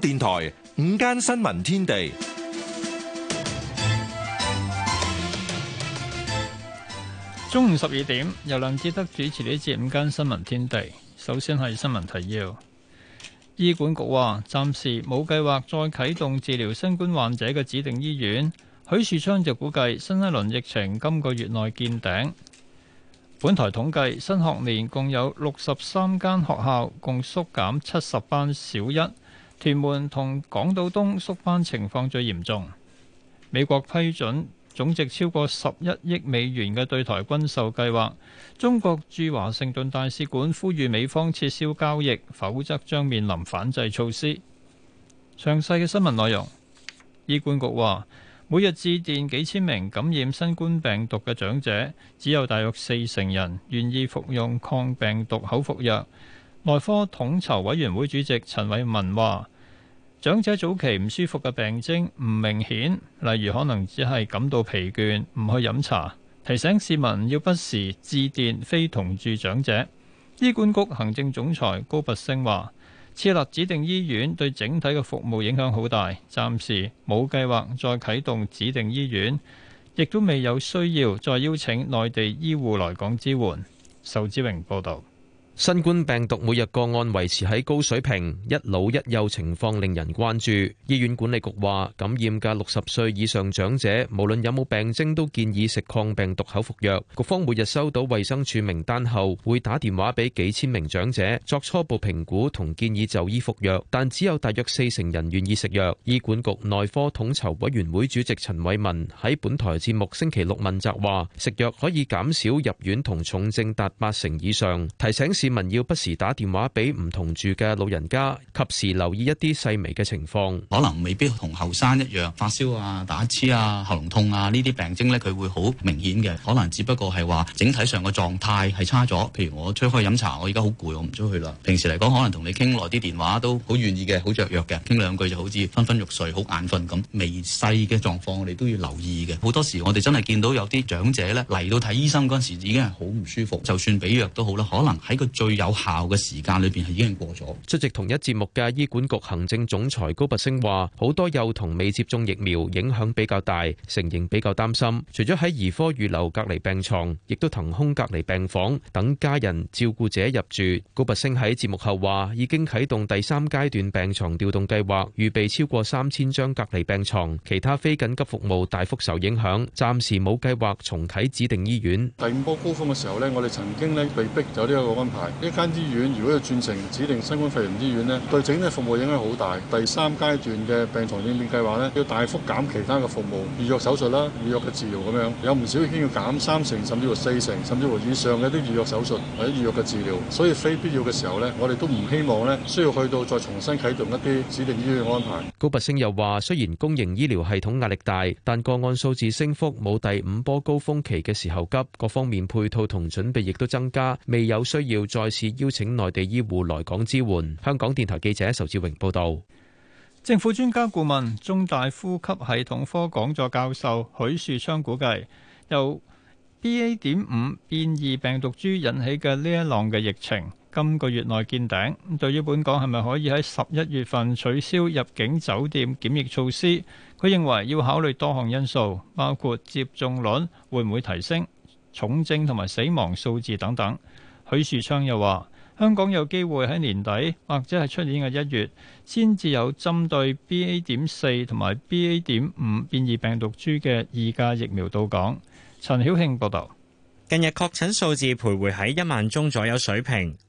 電台午間新聞天地，中午十二點由梁志德主持呢一節午間新聞天地。首先係新聞提要，醫管局話暫時冇計劃再啟動治療新冠患者嘅指定醫院。許樹昌就估計新一輪疫情今個月內見頂。本台統計，新學年共有六十三間學校共縮減七十班小一。屯門同港島東縮班情況最嚴重。美國批准總值超過十一億美元嘅對台軍售計劃。中國駐華盛頓大使館呼籲美方撤銷交易，否則將面臨反制措施。詳細嘅新聞內容，醫管局話，每日致電幾千名感染新冠病毒嘅長者，只有大約四成人願意服用抗病毒口服藥。內科統籌委員會主席陳偉文話：長者早期唔舒服嘅病徵唔明顯，例如可能只係感到疲倦，唔去飲茶。提醒市民要不時致電非同住長者。醫管局行政總裁高拔昇話：設立指定醫院對整體嘅服務影響好大，暫時冇計劃再啟動指定醫院，亦都未有需要再邀請內地醫護來港支援。仇志榮報導。新冠病毒每日個案維持喺高水平，一老一幼情況令人關注。醫院管理局話，感染嘅六十歲以上長者，無論有冇病徵，都建議食抗病毒口服藥。局方每日收到衛生署名單後，會打電話俾幾千名長者作初步評估同建議就醫服藥，但只有大約四成人願意食藥。醫管局內科統籌委員會主席陳偉文喺本台節目星期六問責話，食藥可以減少入院同重症達八成以上，提醒市。市民要不時打電話俾唔同住嘅老人家，及時留意一啲細微嘅情況，可能未必同後生一樣發燒啊、打乞嚏啊、喉嚨痛啊呢啲病徵咧，佢會好明顯嘅。可能只不過係話整體上嘅狀態係差咗。譬如我吹開飲茶，我而家好攰，我唔出去啦。平時嚟講，可能同你傾耐啲電話都好願意嘅，好雀躍嘅，傾兩句就好似昏昏欲睡、好眼瞓咁微細嘅狀況，你都要留意嘅。好多時我哋真係見到有啲長者咧嚟到睇醫生嗰陣時已經係好唔舒服，就算俾藥都好啦，可能喺個。最有效嘅時間裏邊已經過咗。出席同一節目嘅醫管局行政總裁高拔昇話：好多幼童未接種疫苗，影響比較大，承認比較擔心。除咗喺兒科預留隔離病床，亦都騰空隔離病房等家人照顧者入住。高拔昇喺節目後話：已經啟動第三階段病床調動計劃，預備超過三千張隔離病床。其他非緊急服務大幅受影響，暫時冇計劃重啓指定醫院。第五波高峰嘅時候呢，我哋曾經咧被逼咗呢一個安排。呢間醫院如果要轉成指定新冠肺炎醫院咧，對整體服務影響好大。第三階段嘅病床應變計劃咧，要大幅減其他嘅服務，預約手術啦，預約嘅治療咁樣，有唔少已經要減三成甚至乎四成甚至乎以上嘅啲預約手術或者預約嘅治療。所以非必要嘅時候咧，我哋都唔希望咧需要去到再重新啟動一啲指定醫院安排。高拔陞又話：雖然公營醫療系統壓力大，但個案數字升幅冇第五波高峰期嘅時候急，各方面配套同準備亦都增加，未有需要再次邀請內地醫護來港支援。香港電台記者仇志榮報導。政府專家顧問、中大呼吸系統科講座教授許樹昌估計，由 BA.5 變異病毒株引起嘅呢一浪嘅疫情，今個月內見頂。對於本港係咪可以喺十一月份取消入境酒店檢疫措施，佢認為要考慮多項因素，包括接種率會唔會提升、重症同埋死亡數字等等。許樹昌又話：香港有機會喺年底或者係出年嘅一月，先至有針對 BA. 點四同埋 BA. 點五變異病毒株嘅二價疫苗到港。陳曉慶報道，近日確診數字徘徊喺一萬宗左右水平。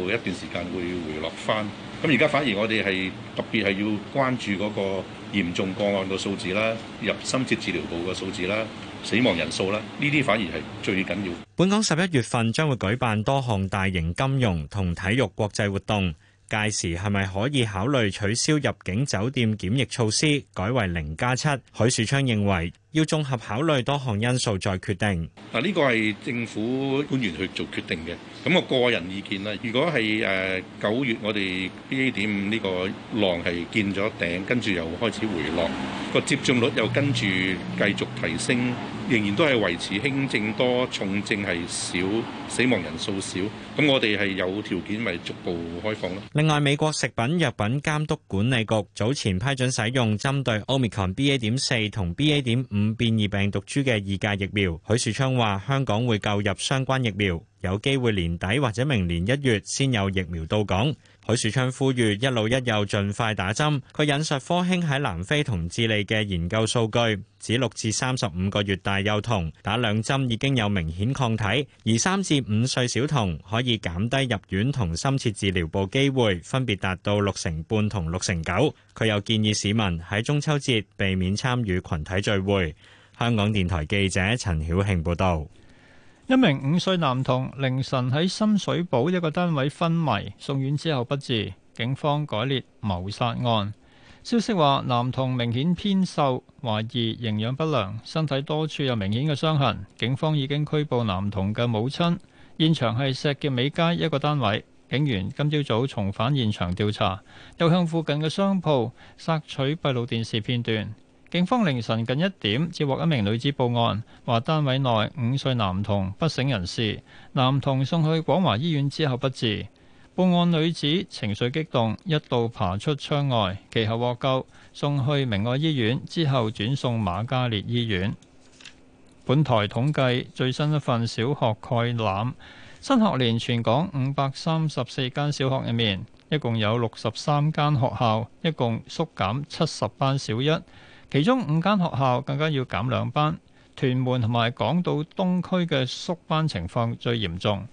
做一段時間會回落翻，咁而家反而我哋係特別係要關注嗰個嚴重個案個數字啦，入深切治療部個數字啦，死亡人數啦，呢啲反而係最緊要。本港十一月份將會舉辦多項大型金融同體育國際活動。屆時係咪可以考慮取消入境酒店檢疫措施，改為零加七？許樹昌認為要綜合考慮多項因素再決定。嗱，呢個係政府官員去做決定嘅。咁我個人意見啦，如果係誒九月我哋 B A 點五呢個浪係見咗頂，跟住又開始回落，個接種率又跟住繼續提升。仍然都係維持輕症多，重症係少，死亡人數少。咁我哋係有條件咪逐步開放咯。另外，美國食品藥品監督管理局早前批准使用針對 Omicron BA 點四同 BA 點五變異病毒株嘅二價疫苗。許樹昌話：香港會購入相關疫苗，有機會年底或者明年一月先有疫苗到港。許樹昌呼籲一老一幼盡快打針。佢引述科興喺南非同智利嘅研究數據，指六至三十五個月大幼童打兩針已經有明顯抗體，而三至五歲小童可以減低入院同深切治療部機會，分別達到六成半同六成九。佢又建議市民喺中秋節避免參與群體聚會。香港電台記者陳曉慶報道。一名五歲男童凌晨喺深水埗一個單位昏迷，送院之後不治，警方改列謀殺案。消息話，男童明顯偏瘦，懷疑營養不良，身體多處有明顯嘅傷痕。警方已經拘捕男童嘅母親。現場係石硤尾街一個單位，警員今朝早重返現場調查，又向附近嘅商鋪索取閉路電視片段。警方凌晨近一點接獲一名女子報案，話單位內五歲男童不省人事。男童送去廣華醫院之後不治。報案女子情緒激動，一度爬出窗外，其後獲救送去明愛醫院之後轉送瑪嘉烈醫院。本台統計最新一份小學概覽，新學年全港五百三十四間小學入面，一共有六十三間學校，一共縮減七十班小一。其中五間學校更加要減兩班，屯門同埋港島東區嘅縮班情況最嚴重。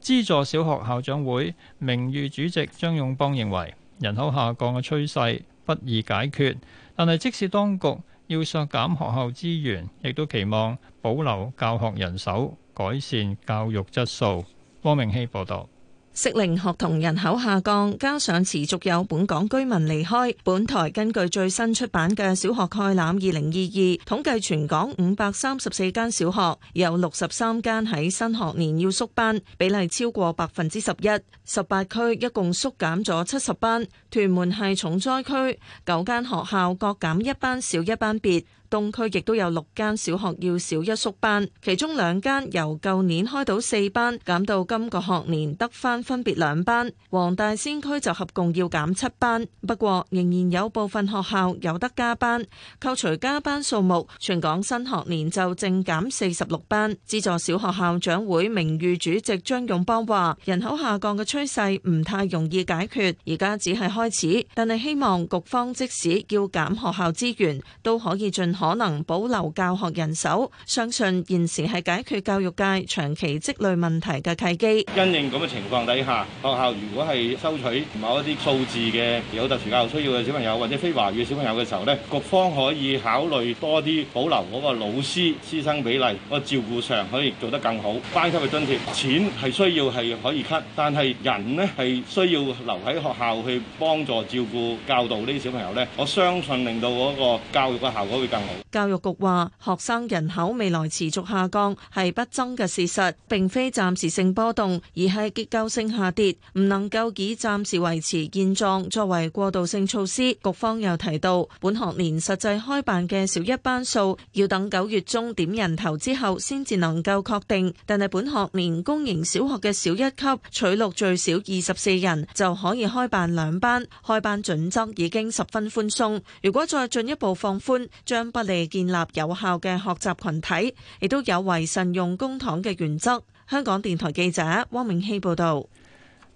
資助小學校長會名譽主席張勇邦認為，人口下降嘅趨勢不易解決，但係即使當局要削減學校資源，亦都期望保留教學人手，改善教育質素。汪明希報導。適齡學童人口下降，加上持續有本港居民離開，本台根據最新出版嘅小學概覽二零二二統計，全港五百三十四間小學有六十三間喺新學年要縮班，比例超過百分之十一。十八區一共縮減咗七十班，屯門係重災區，九間學校各減一班，小一班別。東區亦都有六間小學要小一縮班，其中兩間由舊年開到四班，減到今個學年得返分別兩班。黃大仙區就合共要減七班，不過仍然有部分學校有得加班。扣除加班數目，全港新學年就正減四十六班。資助小學校長會名譽主席張勇邦話，人口下降嘅趨勢唔太容易解決，而家只係開始，但係希望局方即使要減學校資源，都可以進行。可能保留教學人手，相信現時係解決教育界長期積累問題嘅契機，因應咁嘅情況底下，學校如果係收取某一啲數字嘅有特殊教育需要嘅小朋友或者非華語嘅小朋友嘅時候咧，局方可以考慮多啲保留嗰個老師師生比例，個照顧上可以做得更好。班級嘅津貼錢係需要係可以 cut，但係人咧係需要留喺學校去幫助照顧教導呢啲小朋友咧，我相信令到嗰個教育嘅效果會更好。教育局話：學生人口未來持續下降係不爭嘅事實，並非暫時性波動，而係結構性下跌，唔能夠以暫時維持現狀作為過渡性措施。局方又提到，本學年實際開辦嘅小一班數，要等九月中點人頭之後先至能夠確定。但係本學年公營小學嘅小一級取錄最少二十四人就可以開辦兩班，開辦準則已經十分寬鬆。如果再進一步放寬，將嚟建立有效嘅學習群體，亦都有違慎用公帑嘅原則。香港電台記者汪明希報道，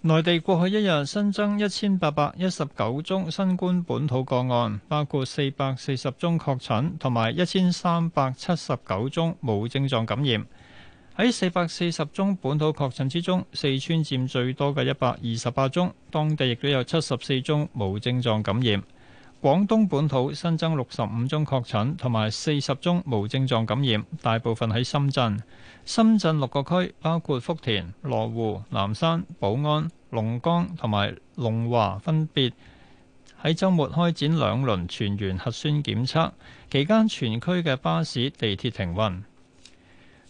內地過去一日新增一千八百一十九宗新冠本土個案，包括四百四十宗確診同埋一千三百七十九宗無症狀感染。喺四百四十宗本土確診之中，四川占最多嘅一百二十八宗，當地亦都有七十四宗無症狀感染。廣東本土新增六十五宗確診同埋四十宗無症狀感染，大部分喺深圳。深圳六個區，包括福田、羅湖、南山、寶安、龍崗同埋龍華，分別喺週末開展兩輪全員核酸檢測，期間全區嘅巴士、地鐵停運。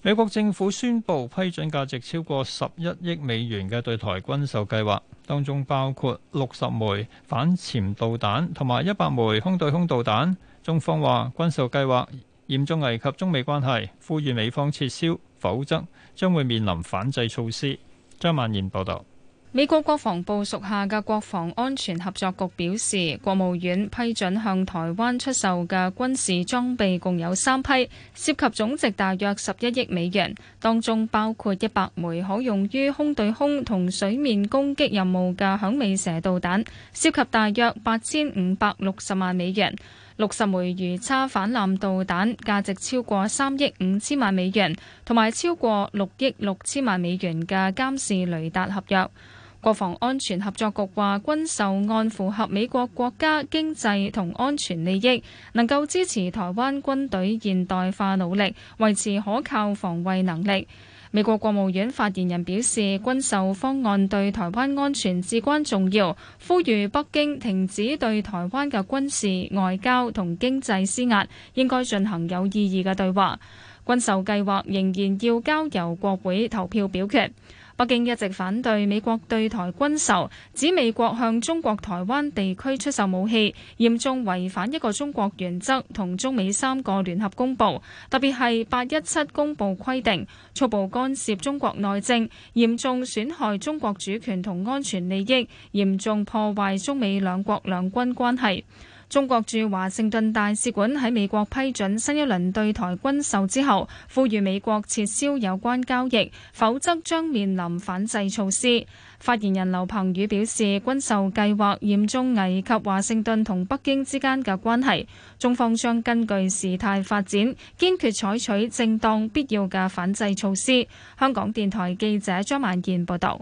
美國政府宣布批准價值超過十一億美元嘅對台軍售計劃。當中包括六十枚反潛導彈同埋一百枚空對空導彈。中方話軍售計劃嚴重危及中美關係，呼籲美方撤銷，否則將會面臨反制措施。張曼燕報導。美國國防部屬下嘅國防安全合作局表示，國務院批准向台灣出售嘅軍事裝備共有三批，涉及總值大約十一億美元。當中包括一百枚可用於空對空同水面攻擊任務嘅響尾蛇導彈，涉及大約八千五百六十萬美元；六十枚魚叉反艦導彈，價值超過三億五千萬美元，同埋超過六億六千萬美元嘅監視雷達合約。國防安全合作局話，軍售案符合美國國家經濟同安全利益，能夠支持台灣軍隊現代化努力，維持可靠防衛能力。美國國務院發言人表示，軍售方案對台灣安全至關重要，呼籲北京停止對台灣嘅軍事、外交同經濟施壓，應該進行有意義嘅對話。軍售計劃仍然要交由國會投票表決。北京一直反對美國對台軍售，指美國向中國台灣地區出售武器，嚴重違反一個中國原則同中美三個聯合公報，特別係八一七公報規定，粗暴干涉中國內政，嚴重損害中國主權同安全利益，嚴重破壞中美兩國兩軍關係。中國駐華盛頓大使館喺美國批准新一輪對台軍售之後，呼籲美國撤銷有關交易，否則將面臨反制措施。發言人劉鵬宇表示，軍售計劃嚴重危及華盛頓同北京之間嘅關係，中方將根據事態發展，堅決採取正當必要嘅反制措施。香港電台記者張曼賢報道。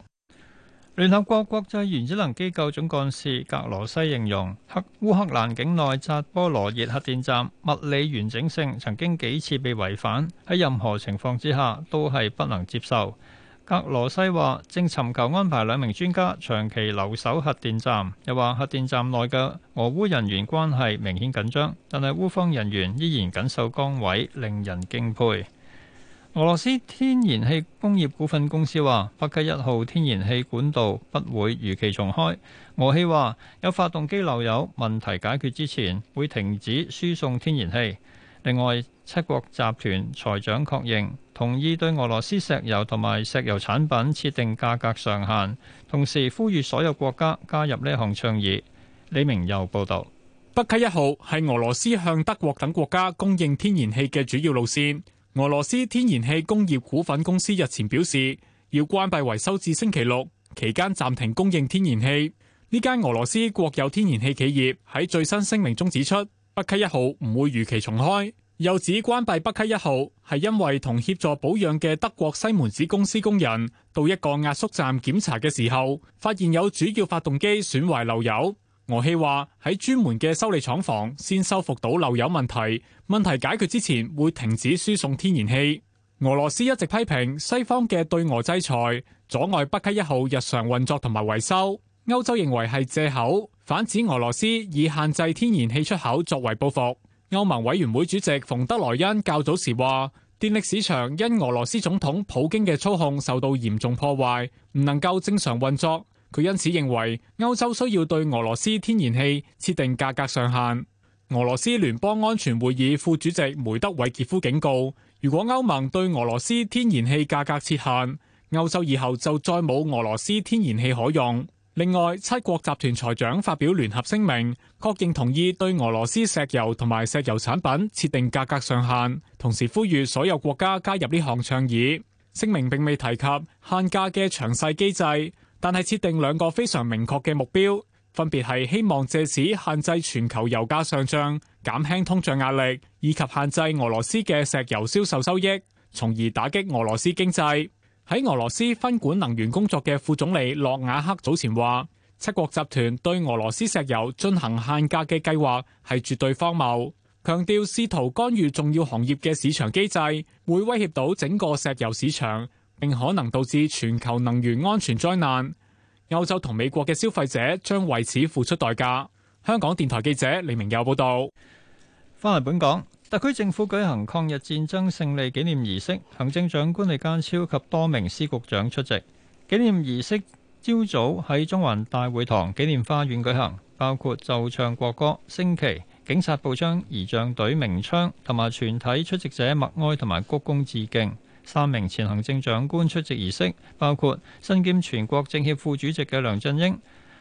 聯合國國際原子能機構總幹事格羅西形容，烏克蘭境內扎波羅熱核電站物理完整性曾經幾次被違反，喺任何情況之下都係不能接受。格羅西話，正尋求安排兩名專家長期留守核電站，又話核電站內嘅俄烏人員關係明顯緊張，但係烏方人員依然緊守崗位，令人敬佩。俄羅斯天然氣工業股份公司話北溪一號天然氣管道不會如期重開。俄氣話有發動機漏油問題解決之前，會停止輸送天然氣。另外，七國集團財長確認同意對俄羅斯石油同埋石油產品設定價格上限，同時呼籲所有國家加入呢項倡議。李明又報道：北溪一號係俄羅斯向德國等國家供應天然氣嘅主要路線。俄羅斯天然氣工業股份公司日前表示，要關閉維修至星期六，期間暫停供應天然氣。呢間俄羅斯國有天然氣企業喺最新聲明中指出，北溪一號唔會如期重開，又指關閉北溪一號係因為同協助保養嘅德國西門子公司工人到一個壓縮站檢查嘅時候，發現有主要發動機損壞漏油。俄氣話喺專門嘅修理廠房先修復到漏油問題，問題解決之前會停止輸送天然氣。俄羅斯一直批評西方嘅對俄制裁，阻礙北溪一號日常運作同埋維修。歐洲認為係借口，反指俄羅斯以限制天然氣出口作為報復。歐盟委員會主席馮德萊恩較早時話，電力市場因俄羅斯總統普京嘅操控受到嚴重破壞，唔能夠正常運作。佢因此認為歐洲需要對俄羅斯天然氣設定價格上限。俄羅斯聯邦安全會議副主席梅德韋傑夫警告，如果歐盟對俄羅斯天然氣價格設限，歐洲以後就再冇俄羅斯天然氣可用。另外，七國集團財長發表聯合聲明，確認同意對俄羅斯石油同埋石油產品設定價格上限，同時呼籲所有國家加入呢項倡議。聲明並未提及限價嘅詳細機制。但係設定兩個非常明確嘅目標，分別係希望借此限制全球油價上漲、減輕通脹壓力，以及限制俄羅斯嘅石油銷售收，收益，從而打擊俄羅斯經濟。喺俄羅斯分管能源工作嘅副總理諾瓦克早前話：七國集團對俄羅斯石油進行限價嘅計劃係絕對荒謬，強調試圖干預重要行業嘅市場機制會威脅到整個石油市場。並可能導致全球能源安全災難，歐洲同美國嘅消費者將為此付出代價。香港電台記者李明友報道：「翻嚟本港，特區政府舉行抗日戰爭勝利紀念儀式，行政長官李家超及多名司局長出席。紀念儀式朝早喺中環大會堂紀念花園舉行，包括奏唱國歌、升旗、警察步槍儀仗隊鳴槍，同埋全體出席者默哀同埋鞠躬致敬。三名前行政長官出席儀式，包括身兼全國政協副主席嘅梁振英、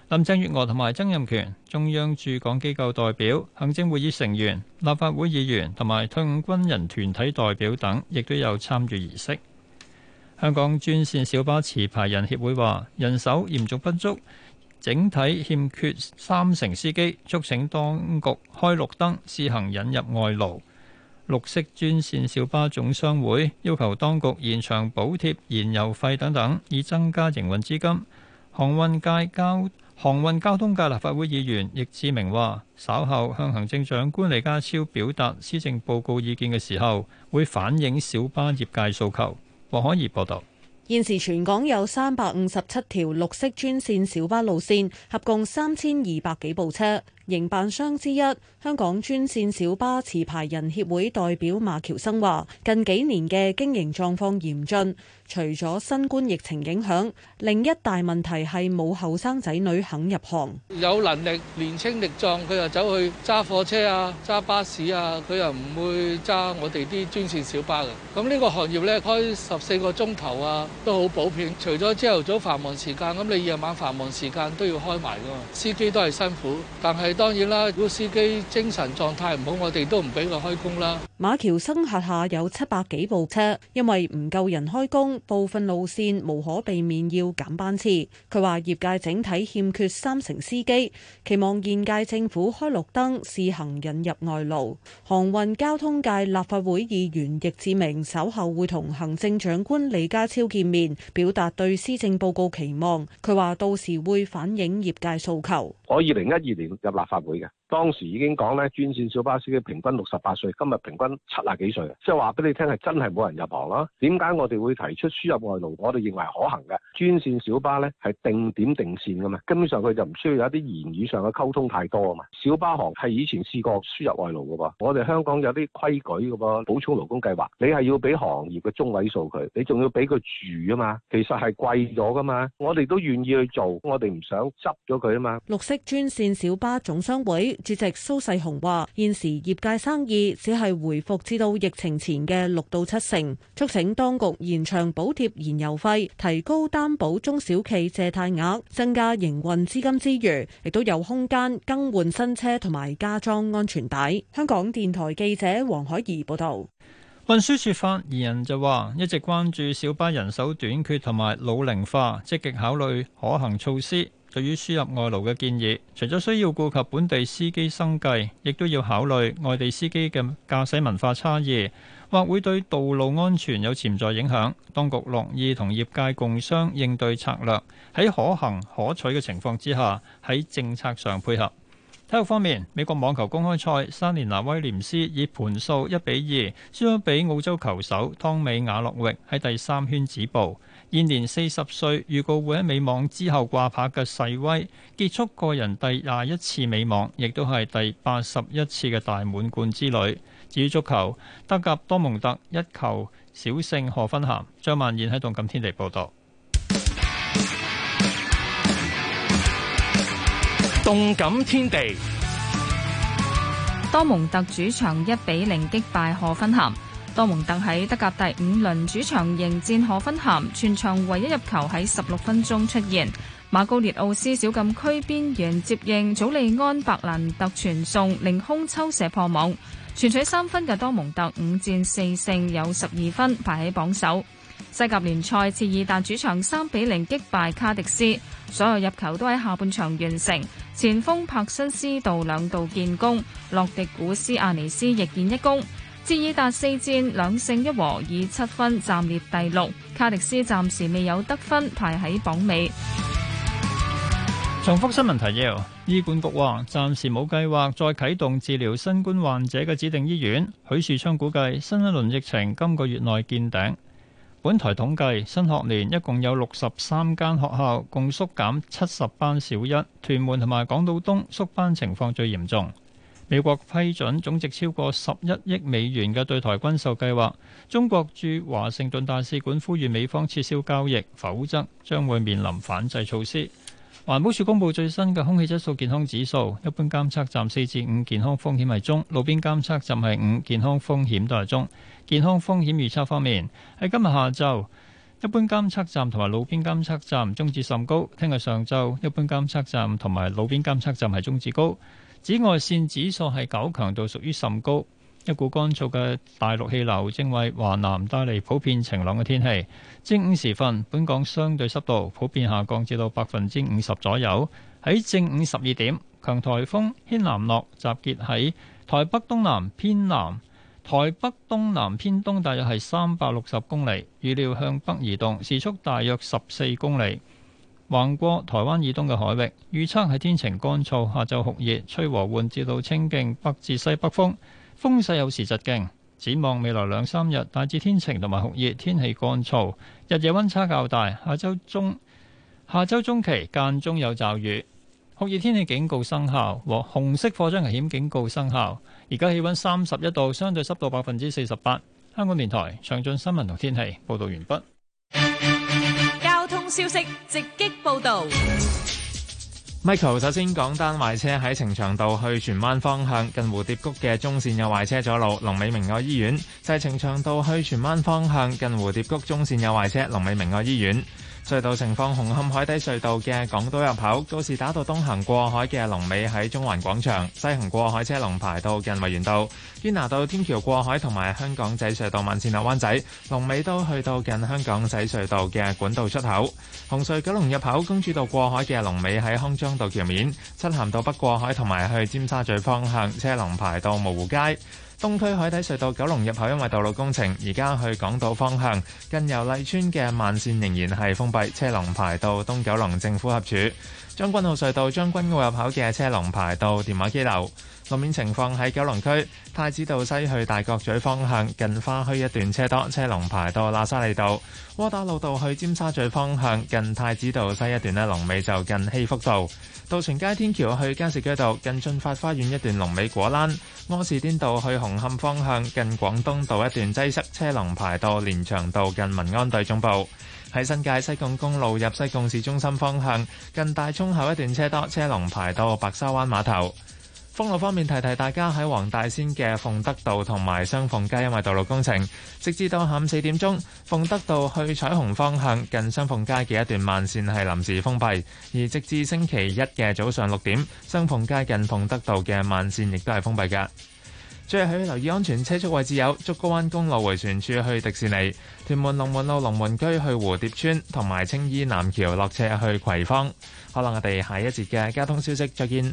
林鄭月娥同埋曾蔭權，中央駐港機構代表、行政會議成員、立法會議員同埋退伍軍人團體代表等，亦都有參與儀式。香港專線小巴持牌人協會話：人手嚴重不足，整體欠缺三成司機，促請當局開綠燈，試行引入外勞。綠色專線小巴總商會要求當局延長補貼燃油費等等，以增加營運資金。航運界交航運交通界立法會議員易志明話，稍後向行政長官李家超表達施政報告意見嘅時候，會反映小巴業界訴求。黃可兒報導。現時全港有三百五十七條綠色專線小巴路線，合共三千二百幾部車。營辦商之一香港專線小巴持牌人協會代表馬喬生話：近幾年嘅經營狀況嚴峻，除咗新冠疫情影響，另一大問題係冇後生仔女肯入行。有能力、年輕力壯，佢又走去揸貨車啊、揸巴士啊，佢又唔會揸我哋啲專線小巴嘅。咁呢個行業呢，開十四個鐘頭啊，都好普遍。除咗朝頭早繁忙時間，咁你夜晚繁忙時間都要開埋㗎嘛。司機都係辛苦，但係。當然啦，如果司機精神狀態唔好，我哋都唔俾佢開工啦。馬橋生轄下有七百幾部車，因為唔夠人開工，部分路線無可避免要減班次。佢話業界整體欠缺三成司機，期望現屆政府開綠燈試行引入外勞。航運交通界立法會議員易志明稍後會同行政長官李家超見面，表達對施政報告期望。佢話到時會反映業界訴求。我二零一二年入立立法會嘅。當時已經講咧，專線小巴司機平均六十八歲，今日平均七十幾歲，即係話俾你聽係真係冇人入行啦。點解我哋會提出輸入外勞？我哋認為係可行嘅。專線小巴咧係定點定線㗎嘛，根本上佢就唔需要有一啲言語上嘅溝通太多啊嘛。小巴行係以前試過輸入外勞㗎噃，我哋香港有啲規矩㗎噃，補充勞工計劃，你係要俾行業嘅中位數佢，你仲要俾佢住啊嘛。其實係貴咗噶嘛，我哋都願意去做，我哋唔想執咗佢啊嘛。綠色專線小巴總商會。主席蘇世雄話：現時業界生意只係回復至到疫情前嘅六到七成，促請當局延長補貼燃油費，提高擔保中小企借貸額，增加營運資金之餘，亦都有空間更換新車同埋加裝安全帶。香港電台記者黃海怡報道。運輸署發言人就話：一直關注小巴人手短缺同埋老齡化，積極考慮可行措施。對於輸入外勞嘅建議，除咗需要顧及本地司機生計，亦都要考慮外地司機嘅駕駛文化差異，或會對道路安全有潛在影響。當局樂意同業界共商應對策略，喺可行可取嘅情況之下，喺政策上配合。體育方面，美國網球公開賽，三年拿威廉斯以盤數一比二，輸咗俾澳洲球手湯美雅諾域，喺第三圈止步。現年四十歲，預告會喺美網之後掛牌嘅細威，結束個人第廿一次美網，亦都係第八十一次嘅大滿貫之旅。至於足球，德甲多蒙特一球小勝賀芬咸。張曼燕喺動感天地報道。動感天地，多蒙特主場一比零擊敗荷芬咸。多蒙特喺德甲第五輪主場迎戰荷芬咸，全場唯一入球喺十六分鐘出現，馬高列奧斯小禁區邊緣接應，祖利安白蘭特傳送凌空抽射破網，全取三分嘅多蒙特五戰四勝，有十二分排喺榜首。西甲聯賽，切爾達主場三比零擊敗卡迪斯，所有入球都喺下半場完成。前鋒帕辛斯道兩度建功，洛迪古斯阿尼斯亦建一功。切爾達四戰兩勝一和，以七分暫列第六。卡迪斯暫時未有得分，排喺榜尾。重複新聞提要：醫管局話暫時冇計劃再啟動治療新冠患者嘅指定醫院。許樹昌估計新一輪疫情今個月內見頂。本台統計，新學年一共有六十三間學校共縮減七十班小一，屯門同埋港島東縮班情況最嚴重。美國批准總值超過十一億美元嘅對台軍售計劃，中國駐華盛頓大使館呼籲美方撤銷交易，否則將會面臨反制措施。環保署公布最新嘅空氣質素健康指數，一般監測站四至五健康風險係中，路邊監測站係五健康風險都係中。健康風險預測方面，喺今日下晝，一般監測站同埋路邊監測站中至甚高；聽日上晝，一般監測站同埋路邊監測站係中至高。紫外線指數係九，強度屬於甚高。一股乾燥嘅大陸氣流正為華南帶嚟普遍晴朗嘅天氣。正午時分，本港相對濕度普遍下降至到百分之五十左右。喺正午十二點，強颱風軒嵐諾，集結喺台北東南偏南，台北東南偏東大約係三百六十公里，預料向北移動，時速大約十四公里，橫過台灣以東嘅海域。預測係天晴乾燥，下晝酷熱，吹和緩至到清勁北至西北風。風勢有時疾勁，展望未來兩三日大致天晴同埋酷熱，天氣乾燥，日夜溫差較大。下周中下周中期間中有驟雨，酷熱天氣警告生效和紅色火災危險警告生效。而家氣溫三十一度，相對濕度百分之四十八。香港電台詳盡新聞同天氣報道完畢。交通消息直擊報道。Michael 首先講單壞車喺呈祥道去荃灣方向，近蝴蝶谷嘅中線有壞車阻路，龍尾明愛醫院。就係呈祥道去荃灣方向，近蝴蝶谷中線有壞車，龍尾明愛醫院。隧道情況：紅磡海底隧道嘅港島入口，告士打道東行過海嘅龍尾喺中環廣場；西行過海車龍排到近維園道。堅拿道天橋過海同埋香港仔隧道慢線落灣仔龍尾都去到近香港仔隧道嘅管道出口。紅隧九龍入口公主道過海嘅龍尾喺康莊道橋面；漆咸道北過海同埋去尖沙咀方向車龍排到蕪湖街。東區海底隧道九龍入口因為道路工程，而家去港島方向近油麗邨嘅慢線仍然係封閉，車龍排到東九龍政府合署；將軍澳隧道將軍澳入口嘅車龍排到電話機樓。路面情況喺九龍區太子道西去大角咀方向，近花墟一段車多，車龍排到喇沙利道。窩打老道去尖沙咀方向，近太子道西一段咧，龍尾就近希福道。渡船街天橋去加士居道，近駿發花園一段龍尾果欄。柯士甸道去紅磡方向，近廣東道一段擠塞，車龍排到連翔道近民安隊總部。喺新界西貢公路入西貢市中心方向，近大涌口一段車多，車龍排到白沙灣碼頭。封路方面，提提大家喺黃大仙嘅鳳德道同埋雙鳳街，因為道路工程，直至到下午四點鐘，鳳德道去彩虹方向近雙鳳街嘅一段慢綫係臨時封閉。而直至星期一嘅早上六點，雙鳳街近鳳德道嘅慢綫亦都係封閉噶。最後，要留意安全車速位置有竹篙灣公路回旋處去迪士尼、屯門龍門路龍門居去蝴蝶村同埋青衣南橋落斜去葵芳。好啦，我哋下一節嘅交通消息再見。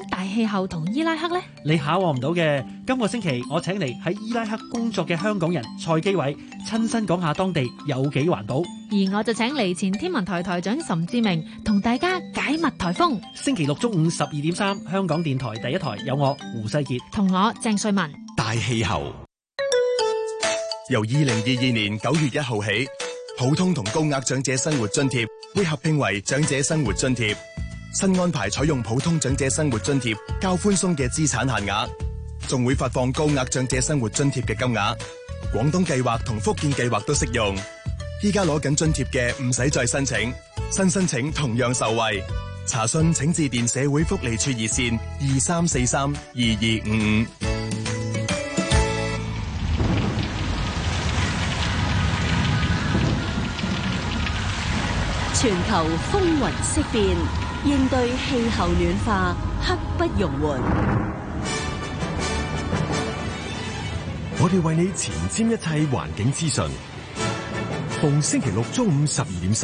大氣候同伊拉克呢，你考我唔到嘅。今個星期我請嚟喺伊拉克工作嘅香港人蔡基偉，親身講下當地有幾環保。而我就請嚟前天文台台長岑志明，同大家解密台風。星期六中午十二點三，香港電台第一台有我胡世杰同我鄭瑞文。大氣候。由二零二二年九月一號起，普通同高額長者生活津貼會合併為長者生活津貼。新安排採用普通長者生活津貼，較寬鬆嘅資產限額，仲會發放高額長者生活津貼嘅金額。廣東計劃同福建計劃都適用。依家攞緊津貼嘅唔使再申請，新申請同樣受惠。查詢請致電社會福利處熱線二三四三二二五五。全球風雲色變。應對氣候暖化，刻不容緩。我哋為你前瞻一切環境資訊，逢星期六中午十二點三。